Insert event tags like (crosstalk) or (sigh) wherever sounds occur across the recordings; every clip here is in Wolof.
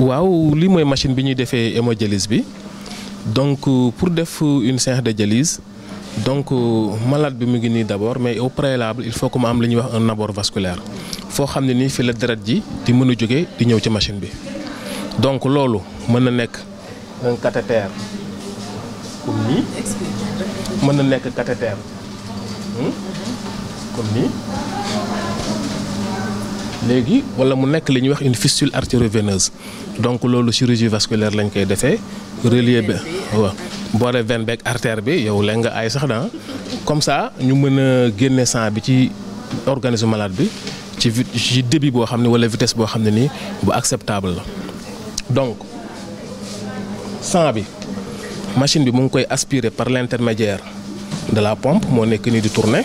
waaw bi mooy machine biñuy défé hémodialyse bi donc euh, pour def une séance de dialyse donc euh, malade bi mu ngi ni d'abord mais au préalable il faut que am liñ wax un abord vasculaire Faut xamni ni fi la drat ji di mën a di ñëw ci machine bi donc lolu mëna nek un cathéter comme ni mëna nek cathéter. cathéter hmm? comme nii léegi wala mu nekk li wax une fistule artério-veineuse donc loolu chirurgie vasculaire lañ koy defee relier bi waaw boole veine beeg artère bi yow a nga ay sax daa comme ça ñu mën a génne sang bi ci organisme malade bi ci débit boo xam wala vitesse boo xam bu acceptable la donc sang bi machine bi mu ngi koy aspirer par l'intermédiaire de la pompe moo nekk nii di tourner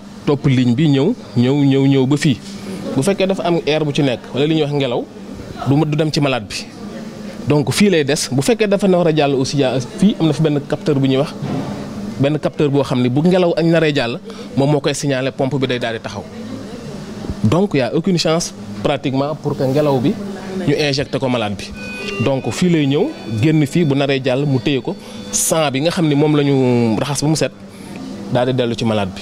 top ligne bi ñew ñew ñew ñew ba fi bu fekkee dafa am air bu ci nek wala li ñu wax ngelaw du du dem ci malade bi donc fi lay dess bu fekkee dafa na wara jall aussi fi fii am na fi ben capteur bu ñu wax ben capteur bo xamni bu ngelaw ak naree jall mom mo koy signaler pompe bi day daal di taxaw donc y a aucune chance pratiquement pour que ngelaw bi ñu injecté ko malade bi donc fi lay ñew genn fi bu naree jall mu téye ko sang bi nga xamni mom lañu raxas bu mu set daal di dellu ci malade bi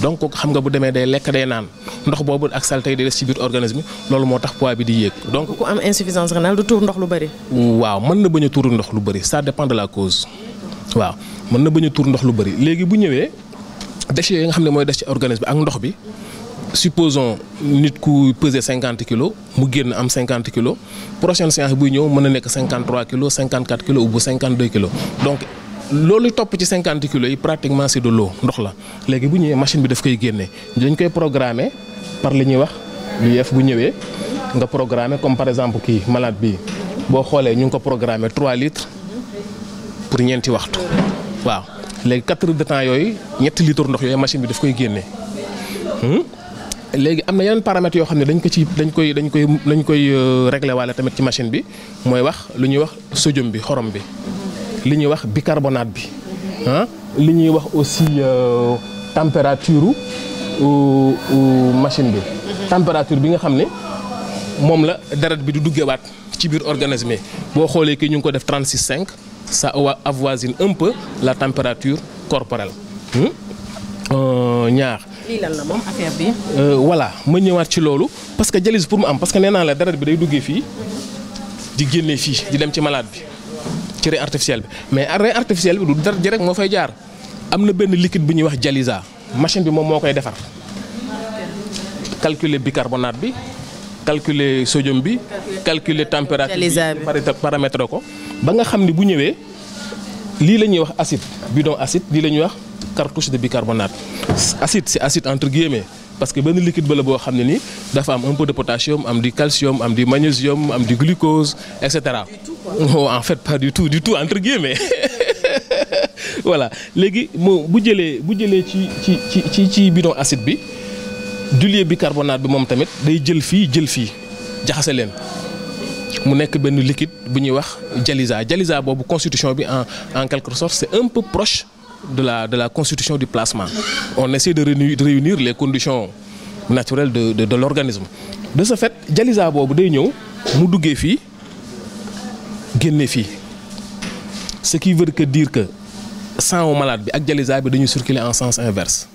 donc xam nga bu démé day lek day nan ndox boobu ak saleté yi di des ci biir organisme loolu moo tax poids bi di yéeg. donc ku am insuffisance rénale du tour ndox lu bari waaw man na bañ tour ndox lu bari ça dépend de la cause waaw man na bañ tour ndox lu bari légui bu ñëwé déchets yi nga xamné moy mooy des ci organisme ak ndox bi. supposons nit ku peser 50 kilos mu génn am 50 kilos prochaine séance bu ñëw mën na nekk 53 kg kilos kg kilos ou bu 52 kg kilos donc loolu topp ci 50 kilos yi pratiquement c'est de l'eau ndox la léegi bu ñëwee machine bi daf koy génne dañ koy programmer par li ñuy wax li yeef bu ñëwee nga programmer comme par exemple kii malade bii boo xoolee ñu ngi ko programmer 3 litres pour ñeenti waxtu waaw léegi 4 heures de temps yooyu ñetti litres ndox yooyu machine bi daf koy génne. Hmm? léegi am na yeneen paramètres yoo xam ne dañ ko ci dañ koy dañ koy dañ koy euh, régler waale tamit ci machine bi mooy wax lu ñuy wax sodium bi xorom bi li ñuy wax bicarbonate bi hein li ñuy wax aussi euh, température u machine bi température bi nga xamné mom la deret bi du duggé wat ci biir organisme bo xolé xoolee ñu ko def 365 ça avoisine un peu la température corporelle hmm? euh, ñaar lii lan la moom affaire bi. Euh, voilà ma ñëwaat ci lolu parce que dialyse pour mu am parce que nee la deret bi day duggé fi di génné fi di dem ci malade bi ci raie artificielle bi mais raie artificielle bi du dara ji rek moo fay jaar am na benn liquide bu ñuy wax jalisa machine bi moom moo koy defar calculer bicarbonate bi calculer sodium bi calculer température bi paramètre ko ba nga xam ni bu ñëwee lii la ñuy wax acide bidon acide lii la ñuy wax cartouche de bicarbonate acide c'est acide entre guillemets parce que ben liquide ba la boo xam ni un peu de potassium am du calcium am du magnésium am du glucose etc. cetera. non oh, en fait pas du tout du tout entre guillemets (laughs) voilà léegi moom bu jëlee bu jëlee ci ci ci ci bidon acide bi dilué bicarbonate bi moom tamit day jël fii jël fii jaxase leen. mu nekk liquide bu ñuy wax dialysa dialysa constitution bi en en quelque sorte c'est un peu proche de la, de la constitution du plasma. On essaie de réunir les conditions naturelles de, de, l'organisme. De ce fait, Dialysa Bob de nous nous Ce qui veut que dire que sans au malade bi ak Dialysa bi dañuy en sens inverse.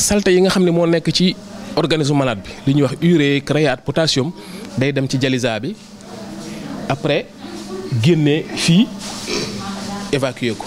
saleté yi nga xamné mo nekk ci organisme malade bi li wax urée créate potassium day dem ci dialysa bi après génne fi évacuer ko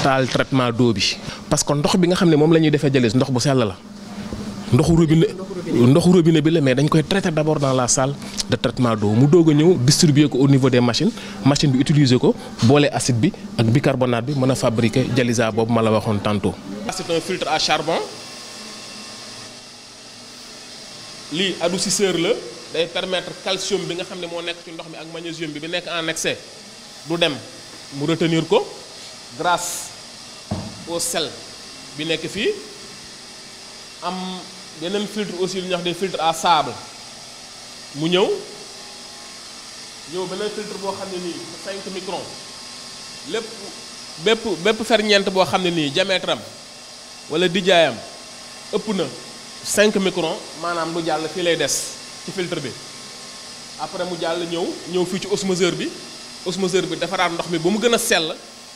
taal traitement d'eau bi parce que ndox bi nga xamné mom lañuy défé ñuy defee ndox bu sell la ndoxu robinet ndoxu robinet bi la mais dañ koy traiter d'abord dans la salle de traitement d'eau mu doga a distribuer ko au niveau des machines machine bi utiliser ko bolé acide bi ak bicarbonate bi mëna fabriquer jalisa boobu ma la waxoon tantôt. c'est un filtre à charbon li adoucisseur le day permettre calcium bi nga xamné mo moo nekk ci ndox bi ak magnésium bi bi nekk en excès du dem mu retenir ko. grâce au sel bi nekk fii am beneen filtre aussi lu ñuy wax des à sable mu ñëw ñëw beneen filtre boo xam ne nii 5 micron lépp bépp bépp ferñeent boo xam ne nii diamètre am wala dijaayam ëpp na cinq micron maanaam lu jàll fii lay des ci filtre bi après mu jàll ñëw ñëw fii ci osmoseur bi osmoseur bi defaraat ndox mi ba mu gën a sell.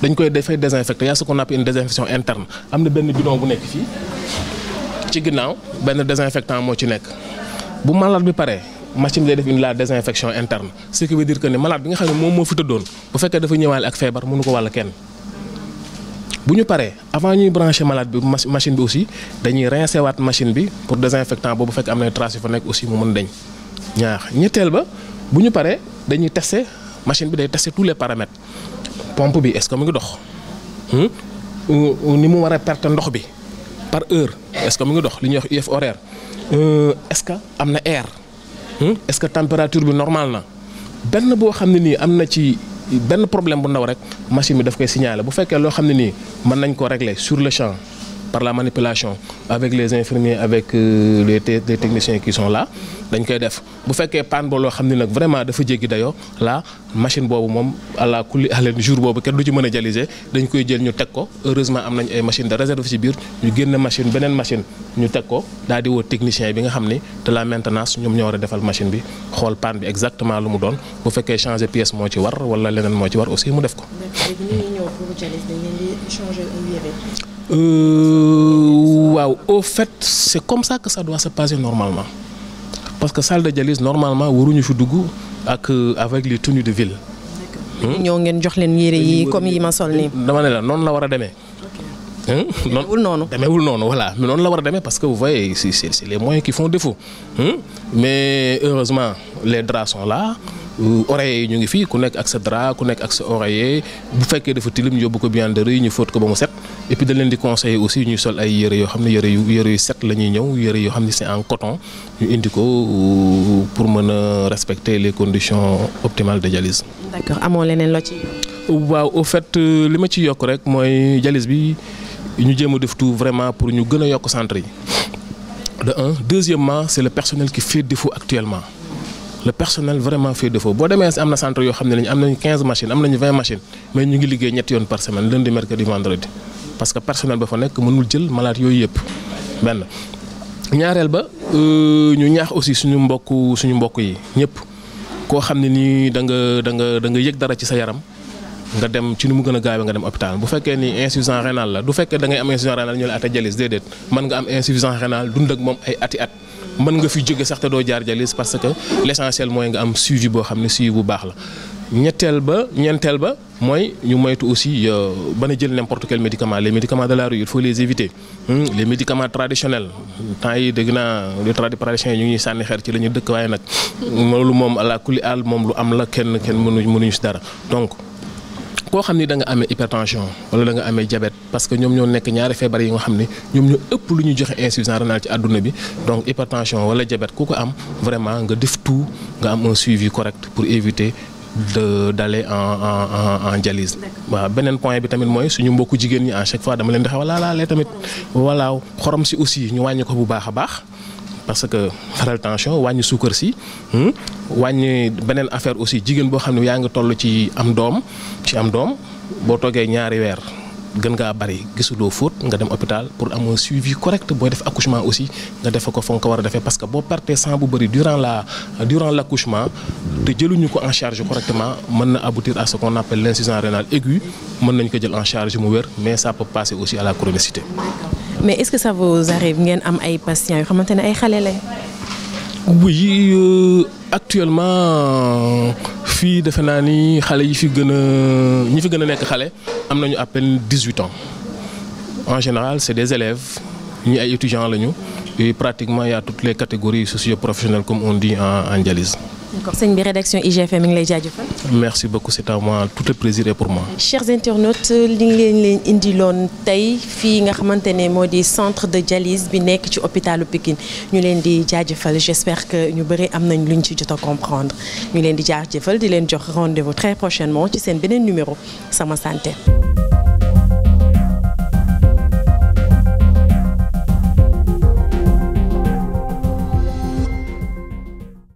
dañ koy Il y a ce qu'on appelle une désinfection interne On bidon bu nek ci ginnaw désinfectant ci malade machine la désinfection interne ce qui veut dire que les malade bi nga ne mo fi bu dafa ak mënu ko kenn. avant ñuy brancher malade machine bi aussi dañuy machine pour désinfectant bu trace fa aussi mu tester machine tester tous les paramètres. pompe bi est-ce que mu ngi dox hmm? ni mu war a perte ndox bi par heure est-ce que mu ngi dox li ñuy wax UF horaire euh, est-ce que am na aire hmm? est que température bi normal na benn boo xam ne nii am na ci benn problème bu ndaw rek machine bi daf koy signaler bu fekkee loo xam ne nii mën nañ ko régler sur le champ. par la manipulation avec les infirmiers avec euh, les les techniciens qui sont là dañ koy def bu fekkee panne ba loo xam ne nag vraiment dafa jéggi dayo la machine boobu moom àla kulli alen jour boobu kenn du ci mën a jaliser dañ koy jël ñu teg ko heureusement am nañ ay machine de réserve ci biir ñu génn machine beneen machine ñu teg ko daal di woo technicien bi nga xam ni de la maintenance ñoom ñoo war a defal machine bi xool panne bi exactement lu mu doon bu fekkee changer pièce moo ci war wala leneen moo ci war aussi mu def ko euh, Waouh, au fait, c'est comme ça que ça doit se passer normalement. Parce que salle de dialyse, normalement, waruñu fi dugg ak euh, avec les tenues de ville. ñoo ngeen jox leen yére yi comme yi ma sol nii. dama non la non la war non demee. demeewul noonu demeewul voilà mais non la war a parce que vous voyez c'est les moyens qui font défaut. Hein? mais heureusement les draps sont là euh, oreiller yi ñu ngi fii ku nekk ak sa drap ku nekk ak sa oreiller bu fekkee dafa tilim yóbbu ko de ñu on ko ba set et puis dañ leen di conseils aussi ñu sol ay yëre yoo xam ne yu yu set c'est en coton ñu indi euh, pour respecter les conditions optimales de dialyse. d'accord amoo leneen loo ci. waaw au fait euh, li ma ci yokk rek mooy dialyse bi ñu tout vraiment pour nous concentrer. centre de un deuxièmement c'est le personnel qui fait défaut actuellement. le personnel vraiment fait défaut boo demee am na centre yoo xam ne 15 machines am nañu 20 machines mais ñu ngi liggéey ñetti par semaine lundi mercredi vendredi. parce que personnel ba fa nek mënul jël malade yoy yëpp ben ñaarel ba euh, ñu ñaax aussi suñu mbokk suñu mbokk yi ñëpp ko xamni ni da nga da nga da nga yegg dara ci sa yaram nga dem ci nu mu gëna gaawé nga dem hôpital bu fekké ni insuffisance rénale la du fekké da ngay am insuffisance rénale ñu la ata jalis déedéet mën nga am insuffisance rénale dund ak mom ay ati at man nga fi jëgë sax té do jaar jalis parce que l'essentiel moy nga am suivi bo xamni suivi bu baax la ñettel ba ñeenteel ba mooy ñu moytu aussi euh, bana jël n'importe quel médicament les médicaments de la rue il faut les éviter hmm, les médicaments traditionnels temps yi dégg naa les tradipraticiens ñu ñi sanni xer ci lañu dëkk waaye nak loolu mom ala kuli al mom lu am la kenn kenn mënu mënuñu ci dara donc ko xamni da nga amé hypertension wala da nga amé diabète parce que ñom ñoo nek ñaari feebar yi nga xamni ñom ñoom ñoo ëpp lu ñu joxe insuffisance rénale ci aduna bi donc hypertension wala diabète ku am vraiment nga def tout nga am un suivi correct pour éviter d'aller en en dialyse. ben un point bi tamit mooy suñu mbokku à chaque fois dama voilà si aussi ñu de ko bu parce que attention, tension si ben affaire aussi jigéen Nous xam faire yaa ngi ci am am gën ngaa bari gisuloo fóot nga dem hôpital pour am un suivi correct booy def accouchement aussi nga defe ko fa nga ko war a parce que boo perte sang bu bëri durant la durant l' accouchement te ko en charge correctement mën na aboutir à ce qu'on appelle l' rénale aiguë mën nañ ko jël en charge mu wér mais ça peut passer aussi à la chronicité. mais est ce que ça vous arrive ngeen am ay patients yoo xamante ne ay xale oui euh, actuellement de filles les ni xale yi fi à peine 18 ans en général c'est des élèves des étudiants et pratiquement il y a toutes les catégories socio-professionnelles comme on dit en en dialyse c'est une bi rédaction IGFM ngi lay jaajëfal. merci beaucoup c'est à moi tout le plaisir est pour moi. chers internautes li ngeen leen indiloon tey fii nga centre de dialyse bi nekk ci hôpitalu Pikine ñu leen di jaajëfal j'espère que ñu bëri am nañ luñ ci comprendre ñu leen di jaajëfal di leen jox rendez-vous très prochainement ci seen beneen numéro sama santé.